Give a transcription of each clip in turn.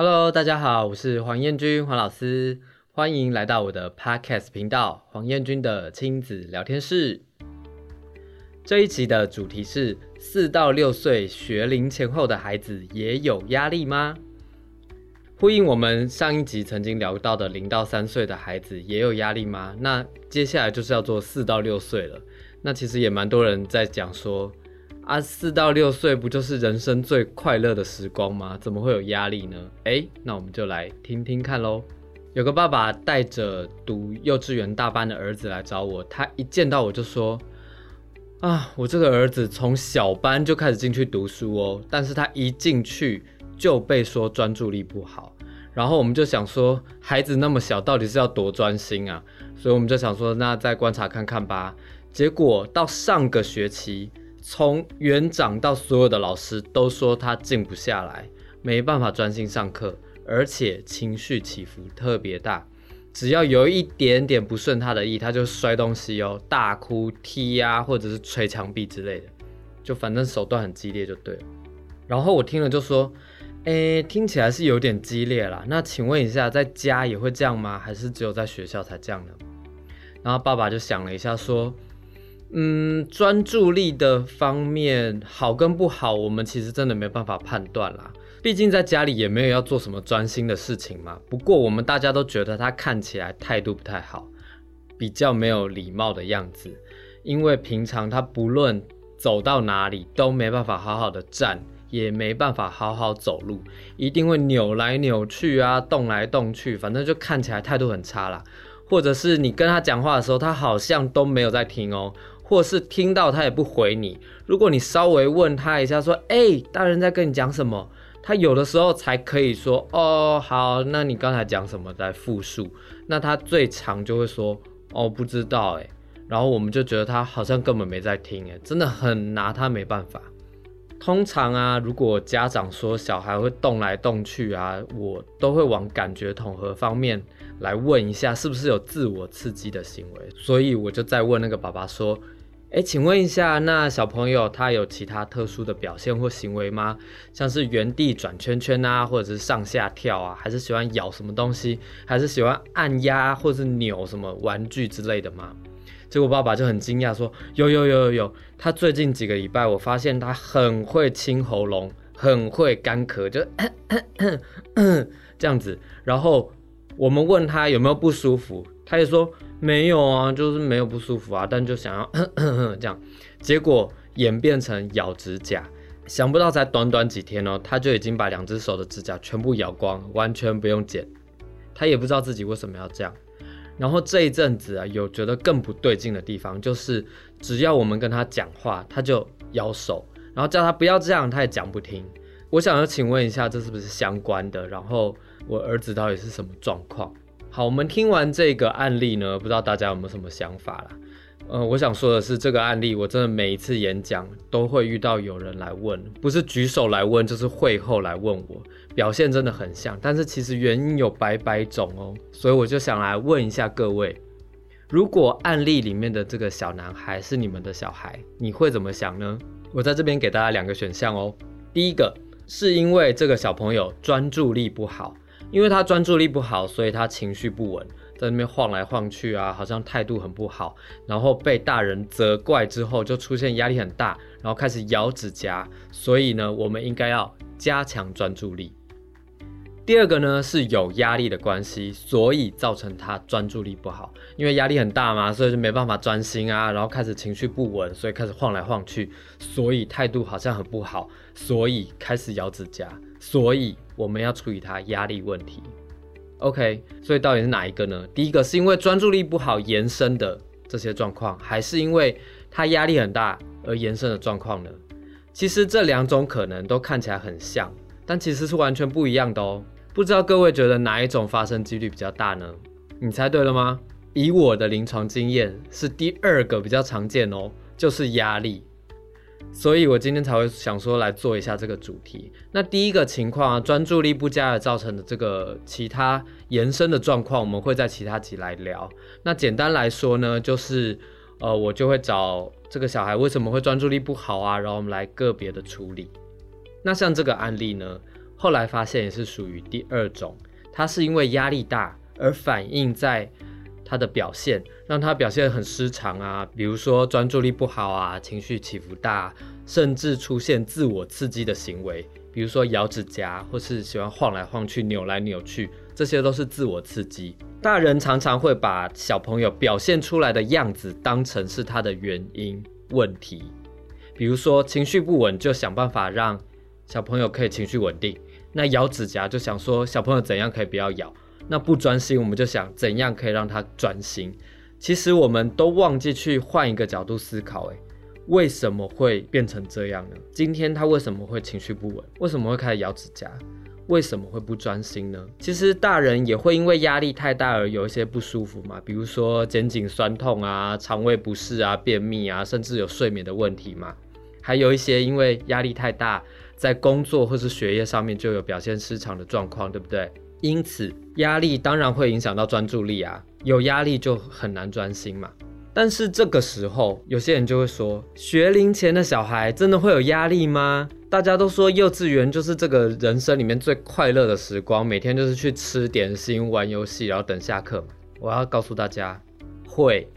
Hello，大家好，我是黃燕軍，黃老師，歡迎來到我的 Podcast 頻道，黃燕軍的親子聊天室。這一期的主題是四到六歲學齡前後的孩子也有壓力嗎？呼應我們上一集曾經聊到的零到三歲的孩子也有壓力嗎？那接下來就是要做四到六歲了。那其實也蠻多人在講說。啊，四到六歲不就是人生最快樂的時光嗎？怎麼會有壓力呢？哎、欸，那我們就來聽聽看嘍。有個爸爸帶着讀幼稚園大班的兒子來找我，他一見到我就說：“啊，我這個兒子從小班就開始進去讀書哦，但是他一進去就被說專注力不好。”然後我們就想說，孩子那麼小，到底是要多專心啊？所以我們就想說，那再觀察看看吧。結果到上個學期，從園長到所有的老師都說他靜不下來，沒辦法專心上課，而且情緒起伏特別大。只要有一點點不順他的意，他就摔東西哦，大哭、踢啊，或者是捶牆壁之類的，就反正手段很激烈就對了。然後我聽了就說：“欸，聽起來是有點激烈啦。那請問一下，在家也會這樣嗎？還是只有在學校才這樣呢？”然後爸爸就想了一下說。嗯，專注力的方面好跟不好，我們其實真的沒辦法判斷啦。畢竟在家裡也沒有要做什麼專心的事情嘛。不過我們大家都覺得他看起來態度不太好，比較沒有禮貌的樣子。因為平常他不論走到哪裡都沒辦法好好的站，也沒辦法好好走路，一定會扭來扭去啊，動來動去，反正就看起來態度很差啦。或者是你跟他講話的時候，他好像都沒有在聽哦。或是聽到他也不回你，如果你稍微問他一下，說：「誒、欸，大人在跟你講什麼？”他有的時候才可以說：“哦，好，那你剛才講什麼？”再復述。那他最常就會說：“哦，不知道。」誒’。然後我們就覺得他好像根本沒在聽，誒，真的很拿他沒辦法。通常啊，如果家長說小孩會動來動去啊，我都會往感覺統合方面來問一下，是不是有自我刺激的行為？所以我就再問那個爸爸說。哎，請問一下，那小朋友他有其他特殊的表現或行為嗎？像是原地轉圈圈啊，或者是上下跳啊，還是喜歡咬什麼東西，還是喜歡按壓或者是扭什麼玩具之類的嗎？結果爸爸就很驚訝說：有有有有有，他最近幾個禮拜，我發現他很會清喉嚨，很會乾咳，就咳咳咳咳這樣子。然後我們問他有沒有不舒服。他也說沒有啊，就是沒有不舒服啊，但就想要呵呵呵這樣，結果演變成咬指甲。想不到才短短幾天哦，他就已經把兩隻手的指甲全部咬光，完全不用剪。他也不知道自己為什麼要這樣。然後這一陣子啊，有覺得更不對勁的地方，就是只要我們跟他講話，他就咬手，然後叫他不要這樣，他也講不聽。我想要請問一下，這是不是相關的？然後我兒子到底是什麼狀況？好，我們聽完這個案例呢，不知道大家有沒有什麼想法啦？呃，我想說的是，這個案例我真的每一次演講都會遇到有人來問，不是舉手來問，就是會後來問我，表現真的很像，但是其實原因有百百種哦。所以我就想來問一下各位，如果案例裡面的這個小男孩是你們的小孩，你會怎麼想呢？我在這邊給大家兩個選項哦。第一個是因為這個小朋友專注力不好。因為他專注力不好，所以他情緒不穩，在那邊晃來晃去啊，好像態度很不好。然後被大人責怪之後，就出現壓力很大，然後開始咬指甲。所以呢，我們應該要加強專注力。第二個呢，是有壓力的關係，所以造成他專注力不好。因為壓力很大嘛，所以就沒辦法專心啊，然後開始情緒不穩，所以開始晃來晃去，所以態度好像很不好，所以開始咬指甲，所以。我們要處理他壓力問題，OK，所以到底是哪一個呢？第一個是因為專注力不好延伸的這些狀況，還是因為他壓力很大而延伸的狀況呢？其實這兩種可能都看起來很像，但其實是完全不一樣的哦。不知道各位覺得哪一種發生幾率比較大呢？你猜對了嗎？以我的臨床經驗，是第二個比較常見哦，就是壓力。所以我今天才會想說來做一下這個主題。那第一個情況啊，專注力不佳而造成的這個其他延伸的狀況，我們會在其他集來聊。那簡單來說呢，就是呃，我就會找這個小孩為什麼會專注力不好啊，然後我們來個別的處理。那像這個案例呢，後來發現也是屬於第二種，它是因為壓力大而反映在他的表現讓他表現很失常啊，比如說專注力不好啊，情緒起伏大，甚至出現自我刺激的行為，比如說咬指甲，或是喜歡晃來晃去、扭來扭去，這些都是自我刺激。大人常常會把小朋友表現出來的樣子當成是他的原因問題，比如說情緒不穩，就想辦法讓小朋友可以情緒穩定；那咬指甲，就想說小朋友怎樣可以不要咬。那不專心，我們就想怎樣可以讓他專心？其實我們都忘記去換一個角度思考、欸，誒，為什麼會變成這樣呢？今天他為什麼會情緒不穩？為什麼會開始咬指甲？為什麼會不專心呢？其實大人也會因為壓力太大而有一些不舒服嘛，比如說肩頸酸痛啊、腸胃不適啊、便秘啊，甚至有睡眠的問題嘛。還有一些因為壓力太大，在工作或是學業上面就有表現失常的狀況，對不對？因此，壓力當然會影響到專注力啊，有壓力就很難專心嘛。但是這個時候，有些人就會說，學齡前的小孩真的會有壓力嗎？大家都說幼稚園就是這個人生裡面最快樂的時光，每天就是去吃點心、玩遊戲，然後等下課嘛。我要告訴大家，會，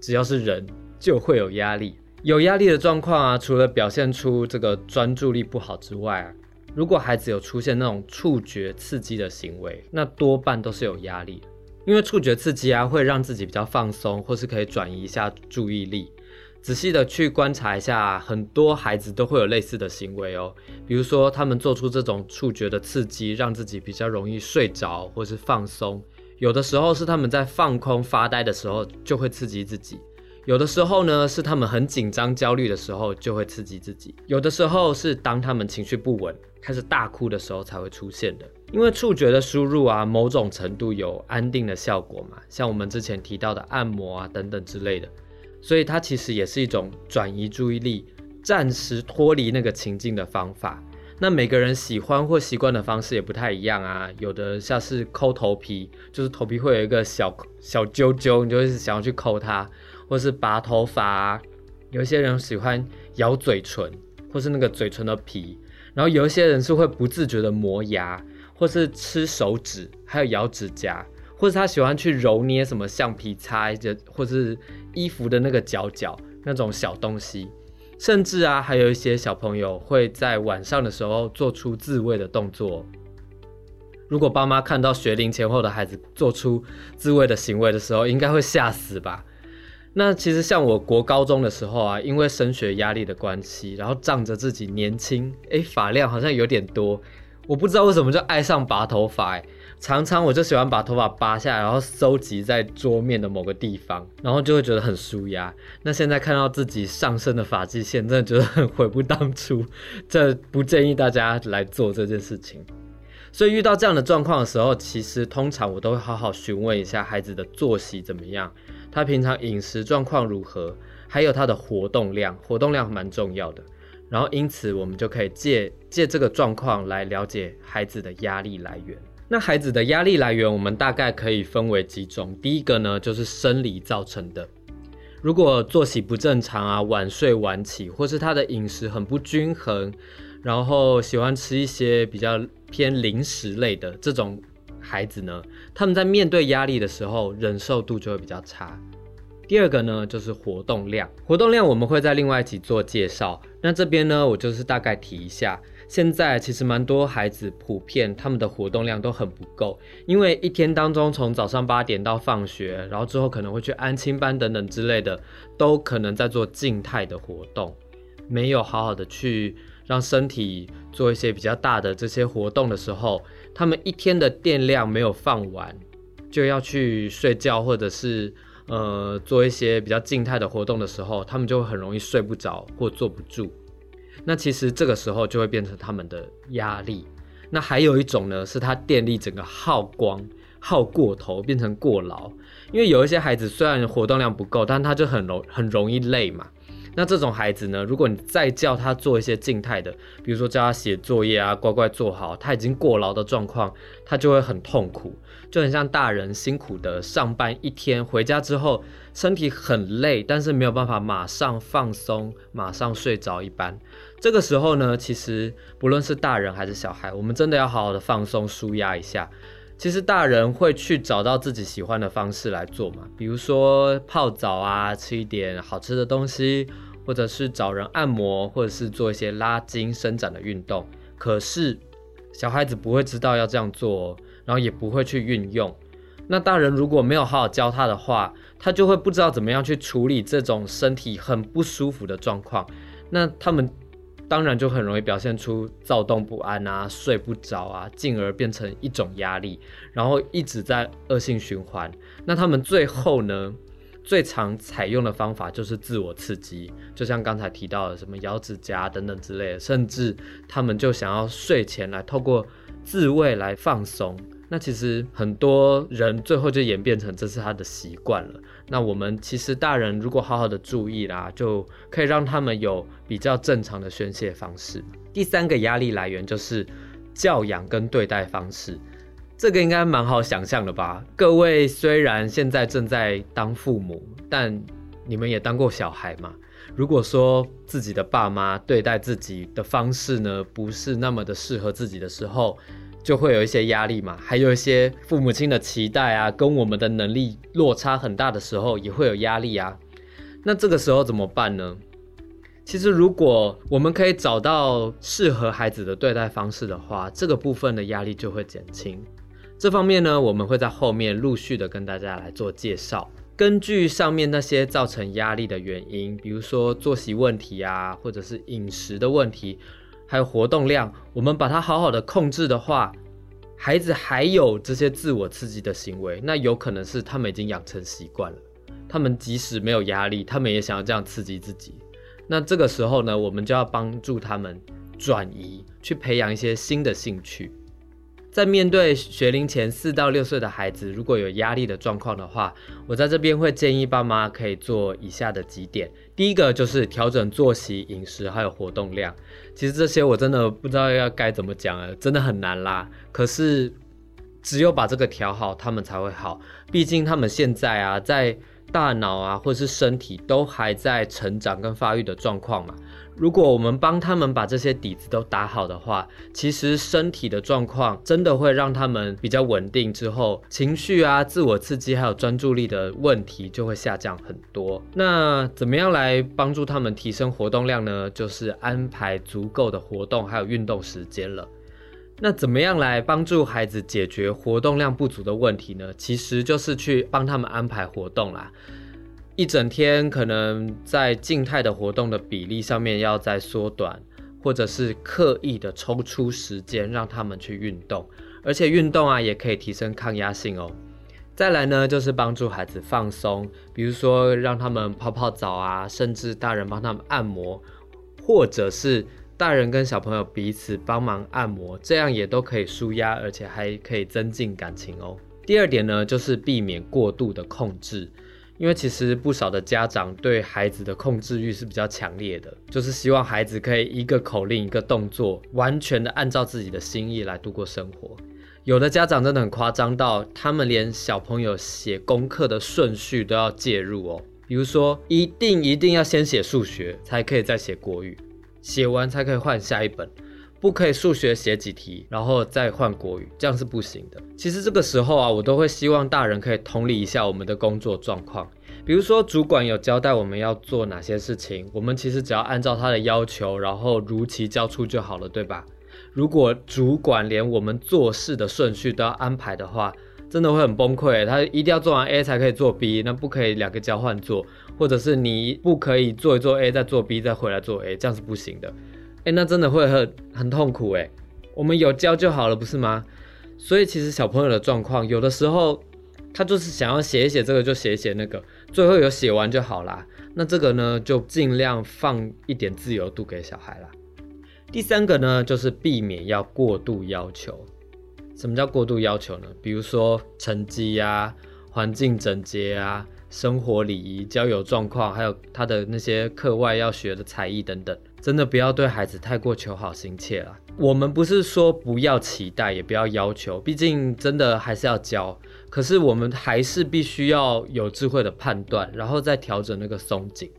只要是人，就會有壓力，有壓力的狀況啊，除了表現出這個專注力不好之外啊。如果孩子有出現那種觸覺刺激的行為，那多半都是有壓力，因為觸覺刺激啊，會讓自己比較放鬆，或是可以轉移一下注意力。仔細的去觀察一下，很多孩子都會有類似的行為哦，比如說他們做出這種觸覺的刺激，讓自己比較容易睡着或是放鬆。有的時候是他們在放空發呆的時候，就會刺激自己。有的時候呢，是他們很緊張、焦慮的時候就會刺激自己；有的時候是當他們情緒不穩、開始大哭的時候才會出現的。因為觸覺的輸入啊，某種程度有安定的效果嘛，像我們之前提到的按摩啊等等之類的，所以它其實也是一種轉移注意力、暫時脫離那個情境的方法。那每個人喜歡或習慣的方式也不太一樣啊，有的像是摳頭皮，就是頭皮會有一個小小揪揪，你就會想要去摳它；或是拔頭髮啊，有一些人喜歡咬嘴唇，或是那個嘴唇的皮；然後有一些人是會不自覺的磨牙，或是吃手指，還有咬指甲，或者他喜歡去揉捏什麼橡皮擦，或是衣服的那個角角那種小東西。甚至啊，還有一些小朋友會在晚上的時候做出自慰的動作。如果爸媽看到學齡前後的孩子做出自慰的行為的時候，應該會嚇死吧？那其實像我國高中的時候啊，因為升學壓力的關係，然後仗着自己年輕，誒、欸，髮量好像有點多，我不知道為什麼就愛上拔頭髮、欸。常常我就喜歡把頭髮拔下來，然後收集在桌面的某個地方，然後就會覺得很舒壓。那現在看到自己上升的髮際線，真的覺得很悔不當初。這不建議大家來做這件事情。所以遇到這樣的狀況的時候，其實通常我都會好好詢問一下孩子的作息怎麼樣，他平常飲食狀況如何，還有他的活動量，活動量蠻重要的。然後因此我們就可以借借這個狀況來了解孩子的壓力來源。那孩子的壓力來源，我們大概可以分為幾種。第一個呢，就是生理造成的，如果作息不正常啊，晚睡晚起，或是他的飲食很不均衡，然後喜歡吃一些比較偏零食類的這種孩子呢，他們在面對壓力的時候，忍受度就會比較差。第二個呢，就是活動量，活動量我們會在另外一集做介紹。那這邊呢，我就是大概提一下。現在其實蠻多孩子，普遍他們的活動量都很不夠，因為一天當中，從早上八點到放學，然後之後可能會去安親班等等之類的，都可能在做靜態的活動，沒有好好的去讓身體做一些比較大的這些活動的時候，他們一天的電量沒有放完，就要去睡覺或者是呃做一些比較靜態的活動的時候，他們就很容易睡不着或坐不住。那其實這個時候就會變成他們的壓力。那還有一種呢，是他電力整個耗光，耗過頭，變成過勞。因為有一些孩子雖然活動量不夠，但他就很容很容易累嘛。那這種孩子呢，如果你再叫他做一些靜態的，比如說叫他寫作業啊，乖乖坐好，他已經過勞的狀況，他就會很痛苦。就很像大人辛苦的上班一天回家之後身體很累，但是沒有辦法馬上放鬆、馬上睡着一般。這個時候呢，其實不論是大人還是小孩，我們真的要好好的放鬆、舒壓一下。其實大人會去找到自己喜歡的方式來做嘛，比如說泡澡啊、吃一點好吃的東西，或者是找人按摩，或者是做一些拉筋伸展的運動。可是小孩子不會知道要這樣做。然後也不會去運用，那大人如果沒有好好教他的話，他就會不知道怎麼樣去處理這種身體很不舒服的狀況，那他們當然就很容易表現出躁動不安啊、睡不着啊，進而變成一種壓力，然後一直在惡性循環。那他們最後呢，最常採用的方法就是自我刺激，就像剛才提到的什麼咬指甲等等之類的，甚至他們就想要睡前來透過自慰來放鬆。那其實很多人最後就演變成這是他的習慣了。那我們其實大人如果好好的注意啦，就可以讓他們有比較正常的宣洩方式。第三個壓力來源就是教養跟對待方式，這個應該蠻好想象的吧？各位雖然現在正在當父母，但你們也當過小孩嘛。如果說自己的爸媽對待自己的方式呢，不是那麼的適合自己的時候，就會有一些壓力嘛，還有一些父母親的期待啊，跟我們的能力落差很大的時候也會有壓力啊。那這個時候怎麼辦呢？其實如果我們可以找到適合孩子的對待方式的話，這個部分的壓力就會減輕。這方面呢，我們會在後面陸續的跟大家來做介紹。根據上面那些造成壓力的原因，比如說作息問題啊，或者是飲食的問題。還有活動量，我們把它好好的控制的話，孩子還有這些自我刺激的行為，那有可能是他們已經養成習慣了。他們即使沒有壓力，他們也想要這樣刺激自己。那這個時候呢，我們就要幫助他們轉移，去培養一些新的興趣。在面對學齡前四到六歲的孩子，如果有壓力的狀況的話，我在這邊會建議爸媽可以做以下的幾點。第一個就是調整作息、飲食還有活動量。其實這些我真的不知道要該怎麼講了，真的很難啦。可是只有把這個調好，他們才會好。畢竟他們現在啊，在。大腦啊，或者是身體都還在成長跟發育的狀況嘛。如果我們幫他們把這些底子都打好的話，其實身體的狀況真的會讓他們比較穩定，之後情緒啊、自我刺激還有專注力的問題就會下降很多。那怎麼樣來幫助他們提升活動量呢？就是安排足夠的活動還有運動時間了。那怎麼樣來幫助孩子解決活動量不足的問題呢？其實就是去幫他們安排活動啦。一整天可能在靜態的活動的比例上面要再縮短，或者是刻意的抽出時間讓他們去運動，而且運動啊也可以提升抗壓性哦。再來呢，就是幫助孩子放鬆，比如說讓他們泡泡澡啊，甚至大人幫他們按摩，或者是。大人跟小朋友彼此幫忙按摩，這樣也都可以舒壓，而且還可以增進感情哦。第二點呢，就是避免過度的控制，因為其實不少的家長對孩子的控制慾是比較強烈的，就是希望孩子可以一個口令一個動作，完全的按照自己的心意來度過生活。有的家長真的很誇張到，他們連小朋友寫功課的順序都要介入哦，比如說一定一定要先寫數學，才可以再寫國語。寫完才可以換下一本，不可以數學寫幾題，然後再換國語，這樣是不行的。其實這個時候啊，我都會希望大人可以同理一下我們的工作狀況。比如說，主管有交代我們要做哪些事情，我們其實只要按照他的要求，然後如期交出就好了，對吧？如果主管連我們做事的順序都要安排的話，真的會很崩潰，他一定要做完 A 才可以做 B，那不可以兩個交換做，或者是你不可以做一做 A 再做 B 再回來做 A，這樣是不行的。哎、欸，那真的會很很痛苦哎。我們有交就好了，不是嗎？所以其實小朋友的狀況，有的時候他就是想要寫一寫這個就寫一寫那個，最後有寫完就好了。那這個呢，就儘量放一點自由度給小孩啦。第三個呢，就是避免要過度要求。什麼叫過度要求呢？比如說成績呀、啊、環境整潔啊、生活禮儀、交友狀況，還有他的那些課外要學的才藝等等，真的不要對孩子太過求好心切了。我們不是說不要期待，也不要要求，畢竟真的還是要教。可是我們還是必須要有智慧的判斷，然後再調整那個鬆緊。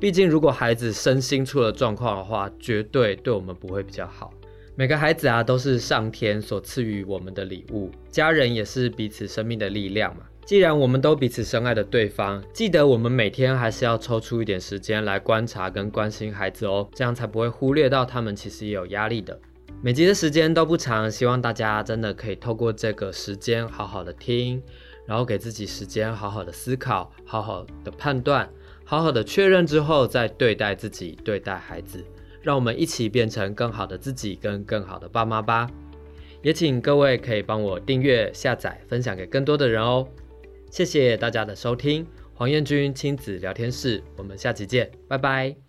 畢竟如果孩子身心出了狀況的話，絕對對我們不會比較好。每個孩子啊，都是上天所賜予我們的禮物。家人也是彼此生命的力量嘛。既然我們都彼此深愛的對方，記得我們每天還是要抽出一點時間來觀察跟關心孩子哦，這樣才不會忽略到他們其實也有壓力的。每集的時間都不長，希望大家真的可以透過這個時間好好的聽，然後給自己時間好好的思考、好好的判斷、好好的確認之後再對待自己、對待孩子。讓我們一起變成更好的自己，跟更好的爸媽吧。也請各位可以幫我訂閱、下載、分享給更多的人哦。謝謝大家的收聽，黃彥君親子聊天室，我們下期見，拜拜。